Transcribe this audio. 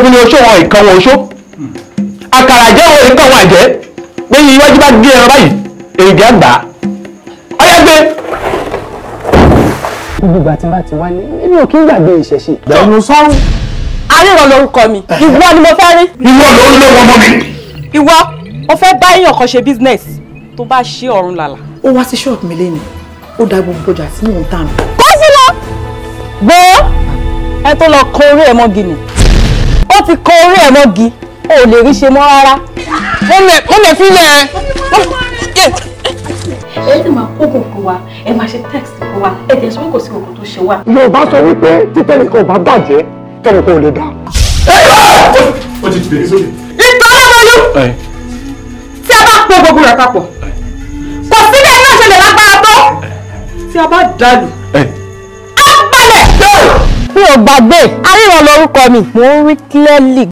egun ni oṣó wọn ìkan wọn oṣó àkàrà jẹ́ wọn ìkan wọn àjẹ́ pé iwájú bá gé ẹran báyìí èrìgì àgbà ọyá gbé. gbogbo ìgbà tí bá ti wá ní èmi ò kí ń gbàgbé ìṣẹ̀ṣe. ẹnu sọ́run. arírọ̀ ló ń mi ìwọ ni mo fẹ́ rí. ìwọ ló ń lé wọn mọ́ mi. ìwọ o fẹ́ bá èèyàn kan ṣe business tó bá ṣe ọ̀run làlà. ó wá sí ṣọ́ọ̀bù mi lẹ́nu ó da gbogbo ọjà sí mò ń tà mí. kó sí lọ gbọ́ ẹ tó lọ kọ orí ẹ mọ́ ti kọ orí ẹ̀ mọ́gi o ò lè rí ṣe mọ́ rárá. mo lè mo lè fi lẹ̀ ẹ́. ẹ ẹ máa kó gbogbo wa ẹ máa ṣe text gbogbo wa ẹ jẹ sọ pé kò sí gbogbo tó ṣe wa. yorùbá sọ wípé títẹ̀ nìkan ò bá bàjẹ́ kẹ́nìkan ò lè dá. ó ti bèrè sókè. ìtọ́lá lóyún tí a bá kó gbogbo rẹ̀ papọ̀ kò sí bẹ́ẹ̀ náà ṣe lè lágbára tó ò gbàgbé aríran lorúkọ mi mò ń rí clearly.